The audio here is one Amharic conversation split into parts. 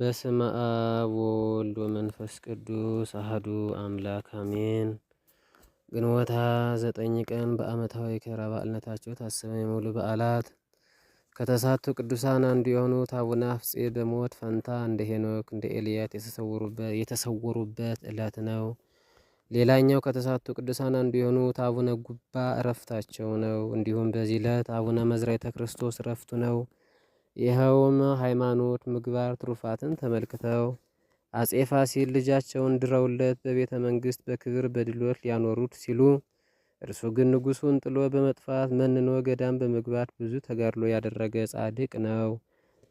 በስመ አብ ወወልድ ወመንፈስ ቅዱስ አህዱ አምላክ አሜን። ግንቦት ዘጠኝ ቀን በዓመታዊ ክብረ በዓልነታቸው ታስበው የሙሉ በዓላት ከተሳቱ ቅዱሳን አንዱ የሆኑት አቡነ አፍፄ በሞት ፈንታ እንደ ሄኖክ እንደ ኤልያት የተሰወሩበት ዕለት ነው። ሌላኛው ከተሳቱ ቅዱሳን አንዱ የሆኑት አቡነ ጉባ እረፍታቸው ነው። እንዲሁም በዚህ ዕለት አቡነ መዝራ ተክርስቶስ እረፍቱ ነው። ይኸውም ሃይማኖት፣ ምግባር፣ ትሩፋትን ተመልክተው አጼ ፋሲል ልጃቸውን ድረውለት በቤተ መንግስት በክብር በድሎት ሊያኖሩት ሲሉ እርሱ ግን ንጉሱን ጥሎ በመጥፋት መንኖ ገዳም በመግባት ብዙ ተጋድሎ ያደረገ ጻድቅ ነው።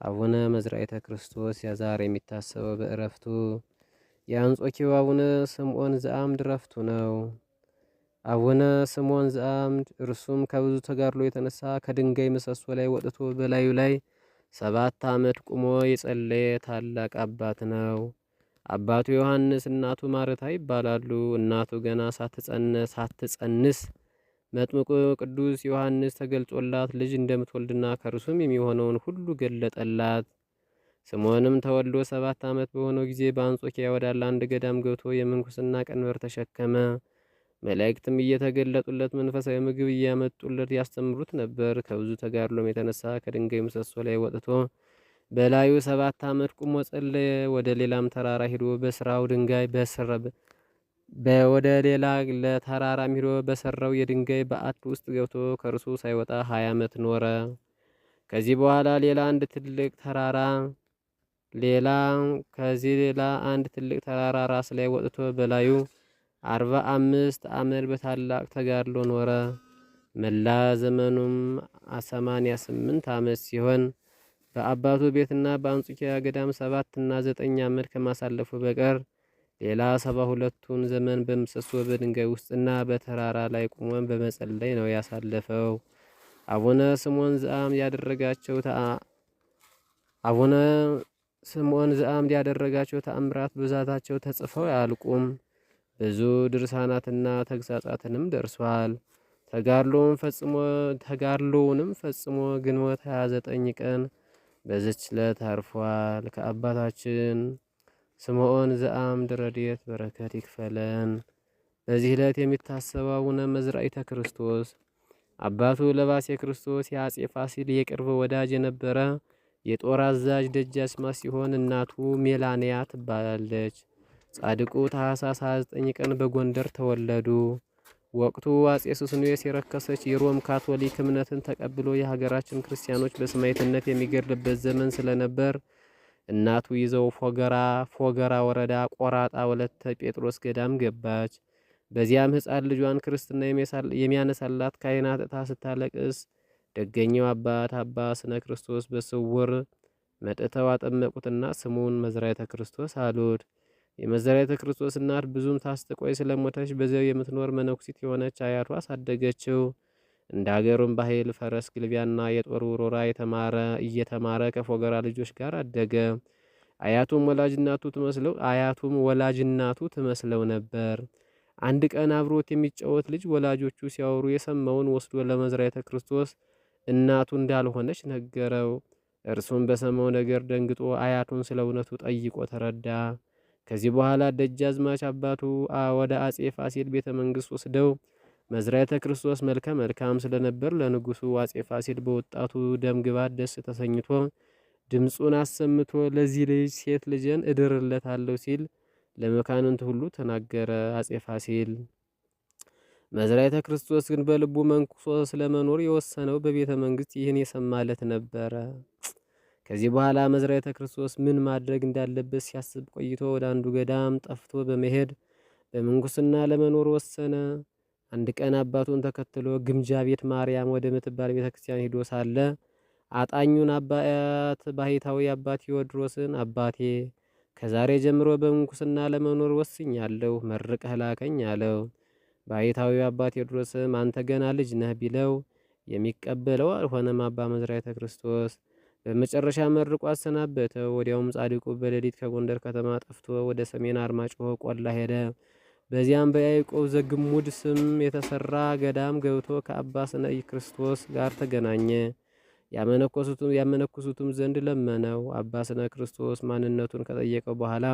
አቡነ መዝራዕተ ክርስቶስ ያዛር የሚታሰበው በእረፍቱ የአንጾኪው አቡነ ስምዖን ዘአምድ እረፍቱ ነው። አቡነ ስምዖን ዘአምድ እርሱም ከብዙ ተጋድሎ የተነሳ ከድንጋይ ምሰሶ ላይ ወጥቶ በላዩ ላይ ሰባት ዓመት ቁሞ የጸለየ ታላቅ አባት ነው። አባቱ ዮሐንስ እናቱ ማርታ ይባላሉ። እናቱ ገና ሳትጸነስ ሳትጸንስ መጥምቁ ቅዱስ ዮሐንስ ተገልጾላት ልጅ እንደምትወልድና ከእርሱም የሚሆነውን ሁሉ ገለጠላት። ስምዖንም ተወልዶ ሰባት ዓመት በሆነው ጊዜ በአንጾኪያ ወዳለ አንድ ገዳም ገብቶ የምንኩስና ቀንበር ተሸከመ። መላእክትም እየተገለጡለት መንፈሳዊ ምግብ እያመጡለት ያስተምሩት ነበር። ከብዙ ተጋድሎም የተነሳ ከድንጋይ ምሰሶ ላይ ወጥቶ በላዩ ሰባት ዓመት ቁሞ ጸለየ። ወደ ሌላም ተራራ ሂዶ በስራው ድንጋይ በስረብ ወደ ሌላ ለተራራም ሂዶ በሰራው የድንጋይ በዓት ውስጥ ገብቶ ከእርሱ ሳይወጣ ሀያ ዓመት ኖረ። ከዚህ በኋላ ሌላ አንድ ትልቅ ተራራ ሌላ ከዚህ ሌላ አንድ ትልቅ ተራራ ራስ ላይ ወጥቶ በላዩ አርባ አምስት ዓመት በታላቅ ተጋድሎ ኖረ። መላ ዘመኑም ሰማንያ ስምንት ዓመት ሲሆን በአባቱ ቤትና በአንጾኪያ ገዳም ና ዘጠኝ ዓመት ከማሳለፉ በቀር ሌላ ሰባ ሁለቱን ዘመን በምሰሶ በድንጋይ ውስጥና በተራራ ላይ ቁመን በመጸለይ ነው ያሳለፈው። አቡነ ስምዖን ዘአምድ ያደረጋቸው አቡነ ስምዖን ዘአምድ ያደረጋቸው ተአምራት ብዛታቸው ተጽፈው አያልቁም። ብዙ ድርሳናትና ተግሳጻትንም ደርሷል። ተጋድሎውን ፈጽሞ ተጋድሎውንም ፈጽሞ ግንቦት 29 ቀን በዚች ዕለት አርፏል። ከአባታችን ስምዖን ዘአምድ ረድኤት በረከት ይክፈለን። በዚህ ዕለት የሚታሰበው አቡነ መዝራዕተ ክርስቶስ አባቱ ለባሴ ክርስቶስ የአጼ ፋሲል የቅርብ ወዳጅ የነበረ የጦር አዛዥ ደጃዝማች ሲሆን እናቱ ሜላንያ ትባላለች። ጻድቁ ታኅሳስ 29 ቀን በጎንደር ተወለዱ። ወቅቱ አጼ ሱስንዮስ የረከሰች የሮም ካቶሊክ እምነትን ተቀብሎ የሀገራችን ክርስቲያኖች በሰማዕትነት የሚገድልበት ዘመን ስለነበር እናቱ ይዘው ፎገራ ፎገራ ወረዳ ቆራጣ ወለተ ጴጥሮስ ገዳም ገባች። በዚያም ሕፃን ልጇን ክርስትና የሚያነሳላት ካህናት እታ ስታለቅስ ደገኘው አባት አባ ስነ ክርስቶስ በስውር መጥተው አጠመቁትና ስሙን መዝራዕተ ክርስቶስ አሉት። የመዘሪያተ ክርስቶስ እናት ብዙም ታስጥቆይ ስለሞተች በዚያው የምትኖር መነኩሲት የሆነች አያቷ አሳደገችው። እንደ አገሩም ባህል ፈረስ ግልቢያና የጦር ውሮራ የተማረ እየተማረ ከፎገራ ልጆች ጋር አደገ። አያቱም ወላጅናቱ ትመስለው አያቱም ወላጅናቱ ትመስለው ነበር። አንድ ቀን አብሮት የሚጫወት ልጅ ወላጆቹ ሲያወሩ የሰማውን ወስዶ ለመዝራዕተ ክርስቶስ እናቱ እንዳልሆነች ነገረው። እርሱም በሰማው ነገር ደንግጦ አያቱን ስለ እውነቱ ጠይቆ ተረዳ። ከዚህ በኋላ ደጃዝማች አባቱ ወደ አጼ ፋሲል ቤተ መንግስት ወስደው መዝራዕተ ክርስቶስ መልከ መልካም ስለነበር ለንጉሱ አጼ ፋሲል በወጣቱ ደም ግባት ደስ ተሰኝቶ ድምፁን አሰምቶ ለዚህ ልጅ ሴት ልጅን እድርለታለሁ ሲል ለመኳንንት ሁሉ ተናገረ። አጼ ፋሲል መዝራዕተ ክርስቶስ ግን በልቡ መንኩሶ ስለመኖር የወሰነው በቤተ መንግስት ይህን የሰማለት ነበረ። ከዚህ በኋላ መዝራዕተ ክርስቶስ ምን ማድረግ እንዳለበት ሲያስብ ቆይቶ ወደ አንዱ ገዳም ጠፍቶ በመሄድ በምንኩስና ለመኖር ወሰነ። አንድ ቀን አባቱን ተከትሎ ግምጃ ቤት ማርያም ወደ ምትባል ቤተ ክርስቲያን ሂዶ ሳለ አጣኙን አባት ባህታዊ አባት ቴዎድሮስን አባቴ ከዛሬ ጀምሮ በምንኩስና ለመኖር ወስኛለሁ፣ መርቀህ ላከኝ አለው። ባሕታዊ አባ ቴዎድሮስም አንተ ገና ልጅ ነህ ቢለው የሚቀበለው አልሆነም። አባ መዝራዕተ ክርስቶስ በመጨረሻ መርቆ አሰናበተው። ወዲያውም ጻድቁ በሌሊት ከጎንደር ከተማ ጠፍቶ ወደ ሰሜን አርማጭሆ ቆላ ሄደ። በዚያም በያዕቆብ ዘግሙድ ስም የተሰራ ገዳም ገብቶ ከአባ ስነ ክርስቶስ ጋር ተገናኘ። ያመነኩሱትም ዘንድ ለመነው። አባ ስነ ክርስቶስ ማንነቱን ከጠየቀው በኋላ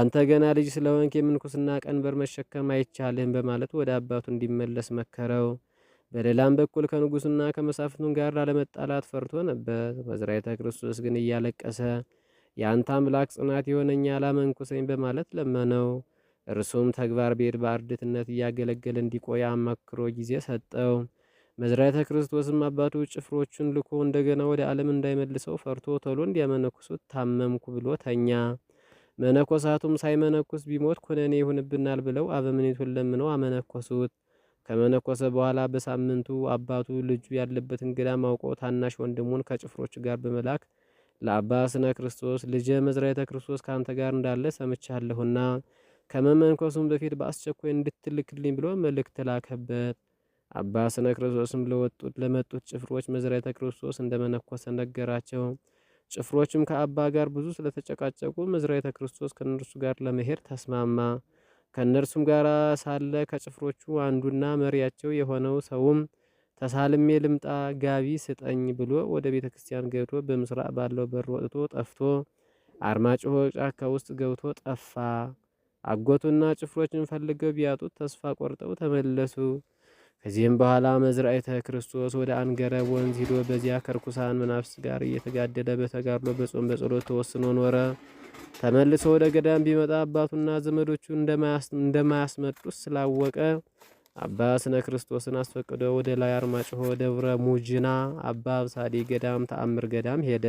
አንተ ገና ልጅ ስለሆንክ የምንኩስና ቀንበር መሸከም አይቻልህም በማለት ወደ አባቱ እንዲመለስ መከረው። በሌላም በኩል ከንጉሱና ከመሳፍቱን ጋር ላለመጣላት ፈርቶ ነበር። መዝራዕተ ክርስቶስ ግን እያለቀሰ የአንተ አምላክ ጽናት የሆነኛ አላመንኩሰኝ በማለት ለመነው። እርሱም ተግባር ቤድ በአርድእትነት እያገለገለ እንዲቆይ አማክሮ ጊዜ ሰጠው። መዝራዕተ ክርስቶስም አባቱ ጭፍሮቹን ልኮ እንደገና ወደ ዓለም እንዳይመልሰው ፈርቶ ቶሎ እንዲያመነኩሱት ታመምኩ ብሎ ተኛ። መነኮሳቱም ሳይመነኩስ ቢሞት ኩነኔ ይሁንብናል ብለው አበምኔቱን ለምነው አመነኮሱት። ከመነኮሰ በኋላ በሳምንቱ አባቱ ልጁ ያለበትን እንግዳ አውቆ ታናሽ ወንድሙን ከጭፍሮች ጋር በመላክ ለአባ ስነ ክርስቶስ ልጀ መዝራይተ ክርስቶስ ከአንተ ጋር እንዳለ ሰምቻለሁና ከመመንኮሱም በፊት በአስቸኳይ እንድትልክልኝ ብሎ መልእክት ላከበት። አባ ስነ ክርስቶስም ለወጡት ለመጡት ጭፍሮች መዝራይተ ክርስቶስ እንደመነኮሰ ነገራቸው። ጭፍሮችም ከአባ ጋር ብዙ ስለተጨቃጨቁ መዝራይተ ክርስቶስ ከእነርሱ ጋር ለመሄድ ተስማማ። ከእነርሱም ጋር ሳለ ከጭፍሮቹ አንዱና መሪያቸው የሆነው ሰውም ተሳልሜ ልምጣ ጋቢ ስጠኝ ብሎ ወደ ቤተ ክርስቲያን ገብቶ በምስራቅ ባለው በር ወጥቶ ጠፍቶ አርማጭሆ ጫካ ውስጥ ገብቶ ጠፋ። አጎቱና ጭፍሮችን ፈልገው ቢያጡት ተስፋ ቆርጠው ተመለሱ። ከዚህም በኋላ መዝራዕተ ክርስቶስ ወደ አንገረብ ወንዝ ሂዶ በዚያ ከርኩሳን መናፍስ ጋር እየተጋደለ በተጋድሎ በጾም በጸሎት ተወስኖ ኖረ። ተመልሶ ወደ ገዳም ቢመጣ አባቱና ዘመዶቹ እንደማያስመጡት ስላወቀ አባ ስነ ክርስቶስን አስፈቅዶ ወደ ላይ አርማጭሆ ደብረ ሙጅና አባ አብሳዲ ገዳም ተአምር ገዳም ሄደ።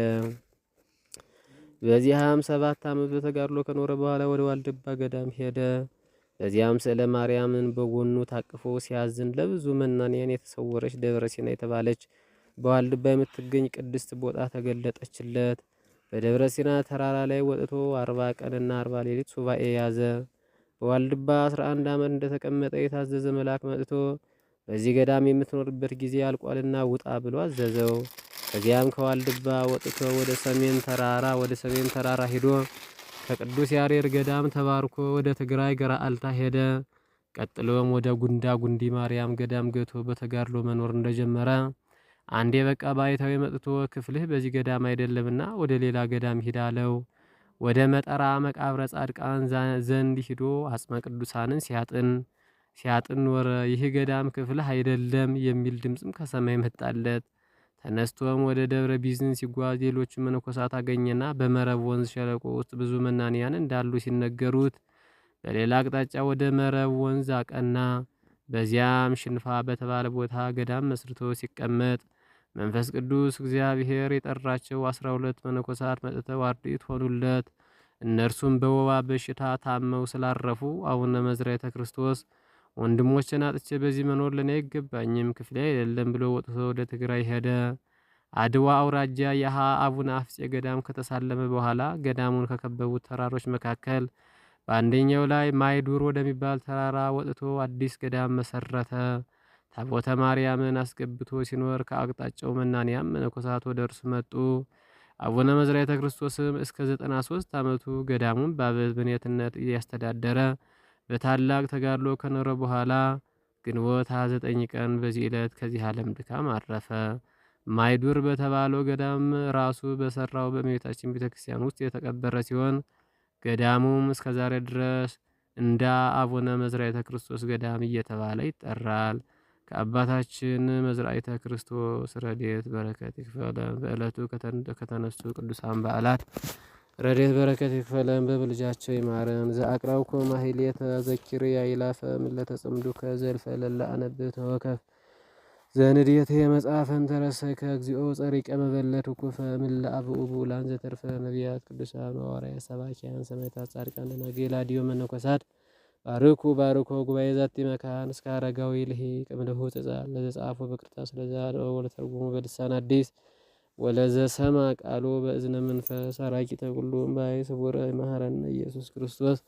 በዚያም ሰባት ዓመት በተጋድሎ ከኖረ በኋላ ወደ ዋልድባ ገዳም ሄደ። በዚያም ስዕለ ማርያምን በጎኑ ታቅፎ ሲያዝን ለብዙ መናንያን የተሰወረች ደብረ ሲና የተባለች በዋልድባ የምትገኝ ቅድስት ቦታ ተገለጠችለት። በደብረ ሲና ተራራ ላይ ወጥቶ አርባ ቀንና አርባ ሌሊት ሱባኤ ያዘ። በዋልድባ አስራ አንድ ዓመት እንደተቀመጠ የታዘዘ መልአክ መጥቶ በዚህ ገዳም የምትኖርበት ጊዜ አልቋልና ውጣ ብሎ አዘዘው። ከዚያም ከዋልድባ ወጥቶ ወደ ሰሜን ተራራ ወደ ሰሜን ተራራ ሄዶ ከቅዱስ ያሬድ ገዳም ተባርኮ ወደ ትግራይ ገራአልታ ሄደ። ቀጥሎም ወደ ጉንዳ ጉንዲ ማርያም ገዳም ገቶ በተጋድሎ መኖር እንደጀመረ አንዴ በቃ ባይታዊ መጥቶ ክፍልህ በዚህ ገዳም አይደለምና ወደ ሌላ ገዳም ሂዳለው። ወደ መጠራ መቃብረ ጻድቃን ዘንድ ሂዶ አጽመ ቅዱሳንን ሲያጥን ሲያጥን ወረ ይህ ገዳም ክፍልህ አይደለም የሚል ድምፅም ከሰማይ መጣለት። ተነስቶም ወደ ደብረ ቢዝን ሲጓዝ ሌሎችን መነኮሳት አገኘና በመረብ ወንዝ ሸለቆ ውስጥ ብዙ መናንያን እንዳሉ ሲነገሩት በሌላ አቅጣጫ ወደ መረብ ወንዝ አቀና። በዚያም ሽንፋ በተባለ ቦታ ገዳም መስርቶ ሲቀመጥ መንፈስ ቅዱስ እግዚአብሔር የጠራቸው አስራ ሁለት መነኮሳት መጥተው አርድእት ሆኑለት። እነርሱም በወባ በሽታ ታመው ስላረፉ አቡነ መዝራዕተ ክርስቶስ ወንድሞችን አጥቼ በዚህ መኖር ለእኔ አይገባኝም፣ ክፍሌ አይደለም ብሎ ወጥቶ ወደ ትግራይ ሄደ። አድዋ አውራጃ የሃ አቡነ አፍጼ ገዳም ከተሳለመ በኋላ ገዳሙን ከከበቡት ተራሮች መካከል በአንደኛው ላይ ማይዱር ወደሚባል ተራራ ወጥቶ አዲስ ገዳም መሰረተ። ታቦተ ማርያምን አስገብቶ ሲኖር ከአቅጣጫው መናንያም መነኮሳት ወደ እርሱ መጡ። አቡነ መዝራ ክርስቶስም እስከ 93 ዓመቱ ገዳሙን በአበምኔትነት እያስተዳደረ በታላቅ ተጋድሎ ከኖረ በኋላ ግንቦት 29 ቀን በዚህ ዕለት ከዚህ ዓለም ድካም አረፈ። ማይዱር በተባለው ገዳም ራሱ በሰራው በእመቤታችን ቤተክርስቲያን ውስጥ የተቀበረ ሲሆን ገዳሙም እስከ ዛሬ ድረስ እንደ አቡነ መዝራ ክርስቶስ ገዳም እየተባለ ይጠራል። ከአባታችን መዝራይተ ክርስቶስ ረድኤት በረከት ይክፈለን። በዕለቱ ከተነሱ ቅዱሳን በዓላት ረድኤት በረከት ይክፈለን። በብልጃቸው ይማረን። ዘአቅራውኮ ማሕሌተ ዘኪር ያይላፈ ምለተጽምዱከ ለላ አነብ ተወከፍ ዘንድየት የመጽሐፈን ተረሰ ከእግዚኦ ጸሪቀ መበለት ኩፈ ምለ አብኡቡ ላን ዘተርፈ ነቢያት ቅዱሳን ሐዋርያት ሰባኪያን ሰማዕታት ጻድቃን ደናግል አድዮ መነኮሳት ባርኩ ባርኮ ጉባኤ ዛቲ መካን እስከ አረጋዊ ልሂቅ እምልሁ ሕፃን ለዘጻፎ በቅርታ ስለዛ ወለተርጉሙ በልሳን አዲስ ወለዘ ሰማ ቃሉ በእዝነ መንፈስ አራቂ ተጉሉ ባይ ስቡረ መሐረነ ኢየሱስ ክርስቶስ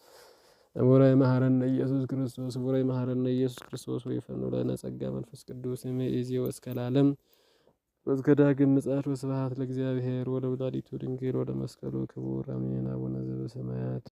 ስቡረ መሐረነ ኢየሱስ ክርስቶስ ስቡረ መሐረነ ኢየሱስ ክርስቶስ ወይፈኑ ለነ ጸጋ መንፈስ ቅዱስ እምይእዜ ወስከላለም ለዓለም እስከ ዳግም ምጽአት ወስብሐት ለእግዚአብሔር ወለወላዲቱ ድንግል ወለመስቀሉ ክቡር አሜን። አቡነ ዘበሰማያት